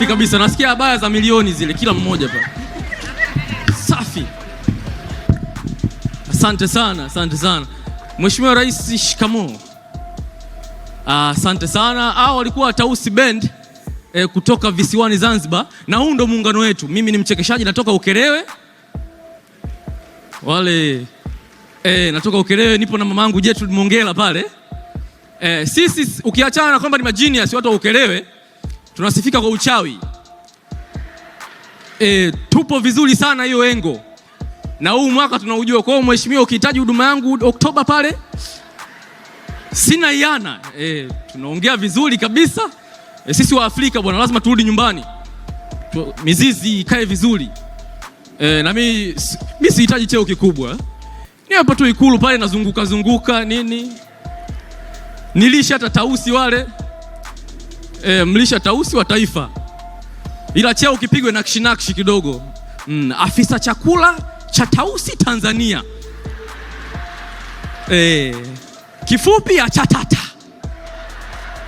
Safi kabisa, nasikia habaya za milioni zile kila mmoja pa. Safi. Asante sana, asante sana. Mheshimiwa Rais, shikamo ah, Asante sana. Hao walikuwa Tausi Band eh, kutoka visiwani Zanzibar, na huu ndo muungano wetu. Mimi ni mchekeshaji natoka Ukerewe wale eh, natoka Ukerewe, nipo na mamangu jetu Mongela pale eh, sisi ukiachana na kwamba ni majinias watu wa Ukerewe tunasifika kwa uchawi e, tupo vizuri sana hiyo engo, na huu mwaka tunaujua. Kwa mheshimiwa, ukihitaji huduma yangu Oktoba pale sina iana e, tunaongea vizuri kabisa e, sisi wa Afrika bwana, lazima turudi nyumbani tu, mizizi ikae vizuri e, na mi sihitaji cheo kikubwa ni hapa tu Ikulu pale nazunguka zunguka nini, nilisha hata tausi wale e, mlisha tausi wa taifa, ila cheo kipigwe nakshi nakshi kidogo mm, afisa chakula cha tausi Tanzania e, kifupi ya chatata.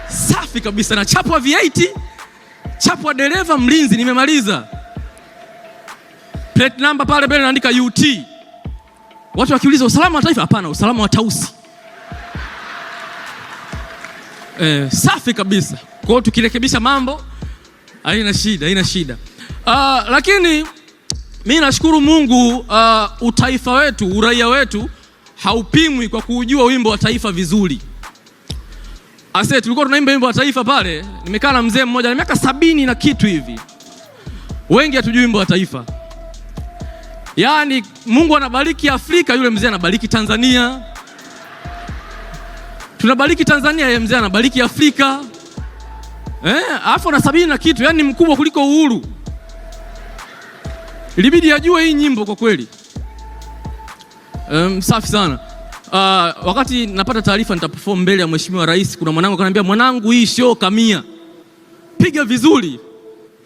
Safi kabisa, na chapwa V8, chapwa dereva, mlinzi. Nimemaliza plate number pale mbele naandika UT. Watu wakiuliza usalama wa taifa, hapana, usalama wa tausi. Eh, safi kabisa. Kwa hiyo tukirekebisha mambo haina shida, haina shida. Uh, lakini mi nashukuru Mungu uh, utaifa wetu, uraia wetu haupimwi kwa kuujua wimbo wa taifa vizuri. Ase tulikuwa tunaimba wimbo wa taifa pale, nimekaa na mzee mmoja na miaka sabini na kitu hivi, wengi hatujui wimbo wa taifa. Yaani Mungu anabariki Afrika, yule mzee anabariki Tanzania, tunabariki Tanzania, yeye mzee anabariki Afrika eh, alafu na sabini na kitu, yani mkubwa kuliko Uhuru. Ilibidi ajue hii nyimbo kwa kweli. Um, safi sana. Uh, wakati napata taarifa nitaperform mbele ya Mheshimiwa Rais, kuna mwanangu akaniambia, mwanangu, hii show kamia, piga vizuri.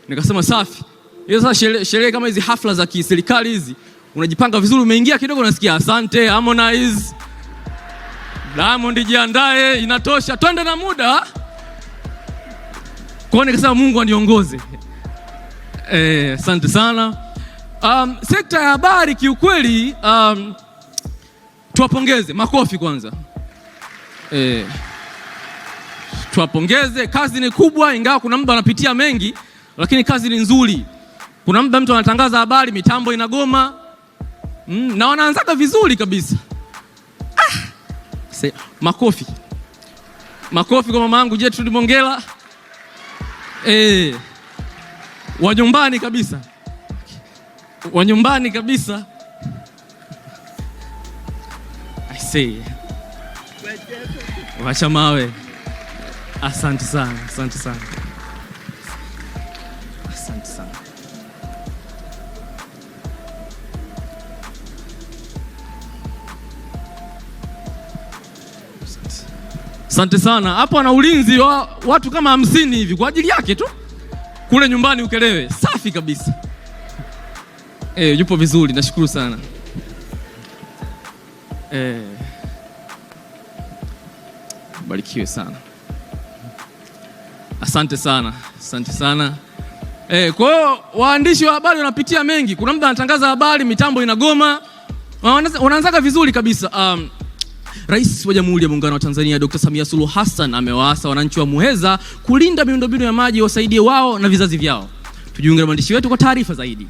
Nikasema safi. Hiyo sasa sherehe shere kama hizi hafla za kiserikali hizi unajipanga vizuri, umeingia kidogo, nasikia asante Harmonize, Diamond, jiandae, inatosha, twende na muda. Kwa nikasema Mungu aniongoze. Eh, asante sana. Um, sekta ya habari kiukweli, um, tuwapongeze, makofi kwanza. Eh, tuwapongeze, kazi ni kubwa, ingawa kuna mtu anapitia mengi, lakini kazi ni nzuri. Kuna muda mtu anatangaza habari, mitambo inagoma, mm, na wanaanzaga vizuri kabisa. Ah, makofi makofi kwa mama yangu Gertrude Mongela eh, wa nyumbani kabisa, wa nyumbani kabisa. I see. Wacha mawe. Asante sana, asante sana. Asante sana. Hapo ana ulinzi wa watu kama hamsini hivi kwa ajili yake tu kule nyumbani ukelewe. Safi kabisa. Eh, yupo vizuri, nashukuru sana Eh. barikiwe sana. Asante sana, asante sana. Eh, kwa hiyo waandishi wa habari wanapitia mengi. Kuna mtu anatangaza habari, mitambo inagoma, wanaanzaga vizuri kabisa um, Rais wa Jamhuri ya Muungano wa Tanzania Dr. Samia Suluhu Hassan amewaasa wananchi wa Muheza kulinda miundombinu ya maji wasaidie wao na vizazi vyao. Tujiunge na mwandishi wetu kwa taarifa zaidi.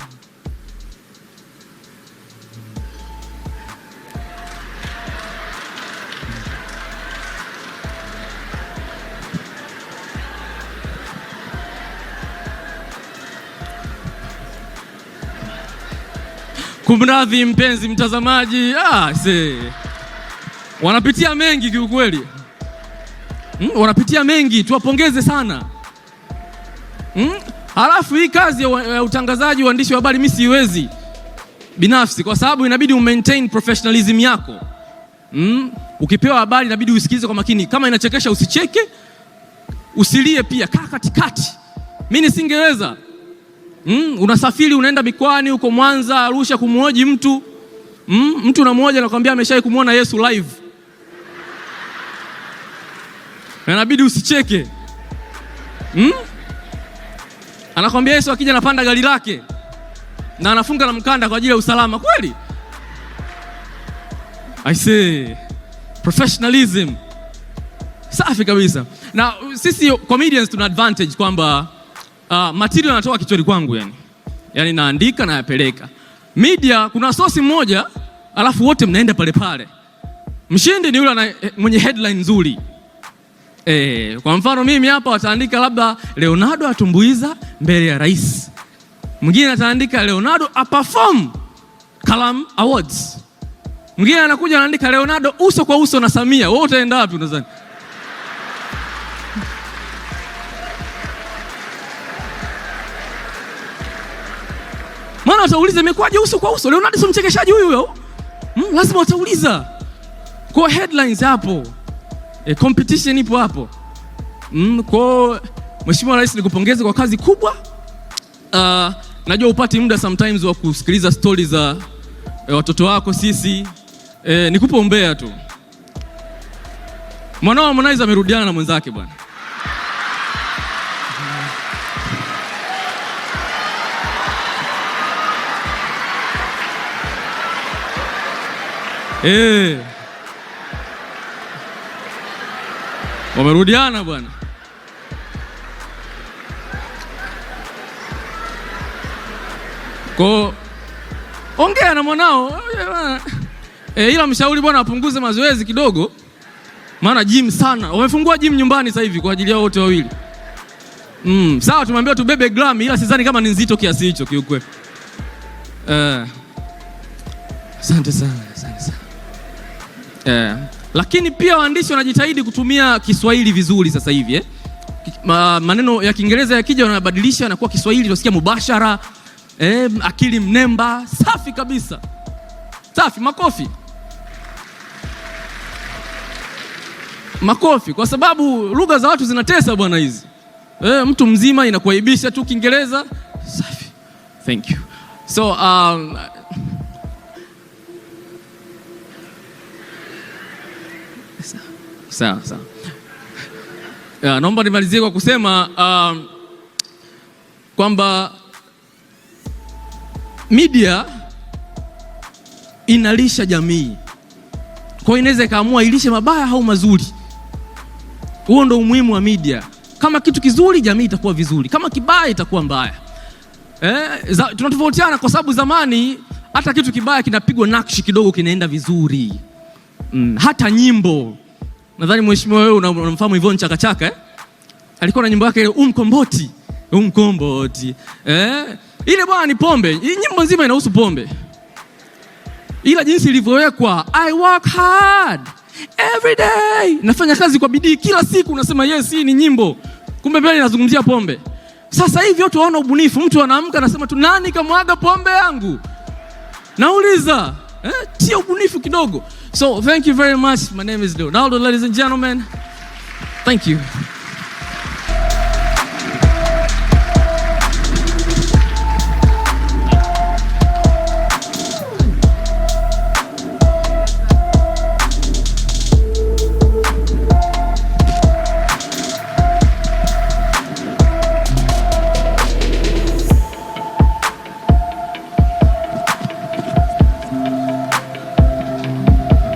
Kumradhi mpenzi mtazamaji. Ah, see wanapitia mengi kiukweli, mm, wanapitia mengi, tuwapongeze sana mm. Halafu hii kazi ya utangazaji, uandishi wa habari, mimi siwezi binafsi, kwa sababu inabidi umaintain professionalism yako mm. Ukipewa habari inabidi usikilize kwa makini, kama inachekesha usicheke, usilie pia, kaa katikati. Mimi nisingeweza mm. Unasafiri unaenda mikoani huko Mwanza, Arusha kumwoji mtu mm. Mtu unamwoja nakwambia ameshawahi kumwona Yesu live inabidi usicheke hmm? Anakwambia Yesu akija anapanda gari lake na anafunga na mkanda kwa ajili ya usalama. Kweli I say professionalism safi kabisa. Na sisi comedians tuna advantage kwamba uh, material anatoka kichwani kwangu yani, yaani naandika nayapeleka media. Kuna sosi mmoja alafu wote mnaenda pale pale. Mshindi ni yule eh, mwenye headline nzuri. Eh, kwa mfano mimi hapa wataandika labda Leonardo atumbuiza mbele ya rais, mwingine ataandika Leonardo aperform Kalam Awards, mwingine anakuja anaandika Leonardo uso kwa uso na Samia. Wewe utaenda wapi unadhani? Mwana utauliza imekwaje uso kwa uso? Leonardo si mchekeshaji huyu huyo, mm, lazima utauliza kwa headlines hapo. E, competition ipo hapo. Mm, kwao Mheshimiwa Rais nikupongeze kwa kazi kubwa. Uh, najua upati muda sometimes wa kusikiliza stori za e, watoto wako sisi. E, nikupe umbea tu. Mwanao Harmonize amerudiana na mwenzake bwana. Eh. Wamerudiana bwana. Ko ongea na mwanao e, ila mshauri bwana apunguze mazoezi kidogo, maana gym sana. Wamefungua gym nyumbani sasa hivi kwa ajili yao wote wawili. Mm, sawa tumeambiwa tubebe gram ila sidhani kama ni nzito kiasi hicho kiukweli. Eh. Asante sana, asante sana. Eh. Lakini pia waandishi wanajitahidi kutumia Kiswahili vizuri sasa hivi eh? Maneno ya Kiingereza yakija wanabadilisha na kuwa Kiswahili tunasikia mubashara eh, akili mnemba. Safi kabisa, safi. Makofi, makofi, kwa sababu lugha za watu zinatesa bwana hizi eh, mtu mzima inakuaibisha tu Kiingereza. Safi, thank you so um, Sawa sawa. Ya, naomba nimalizie kwa kusema uh, kwamba media inalisha jamii, kwa hiyo inaweza ikaamua ilishe mabaya au mazuri. Huo ndo umuhimu wa media. Kama kitu kizuri, jamii itakuwa vizuri, kama kibaya itakuwa mbaya. Eh, tunatofautiana kwa sababu zamani hata kitu kibaya kinapigwa nakshi kidogo kinaenda vizuri. Mm, hata nyimbo Nadhani mheshimiwa wewe unamfahamu Yvonne Chakachaka eh? Alikuwa na nyimbo yake Umkomboti. Umkomboti. Eh? Ile bwana ni pombe. Hii nyimbo nzima inahusu pombe. Ila jinsi ilivyowekwa, I work hard every day. Nafanya kazi kwa bidii kila siku, unasema yes, hii ni nyimbo. Kumbe mbele inazungumzia pombe. Sasa hivi watu waona ubunifu. Mtu anaamka anasema tu nani kamwaga pombe yangu? Nauliza tia ubunifu kidogo. So thank you very much. My name is Leonardo, ladies and gentlemen. Thank you.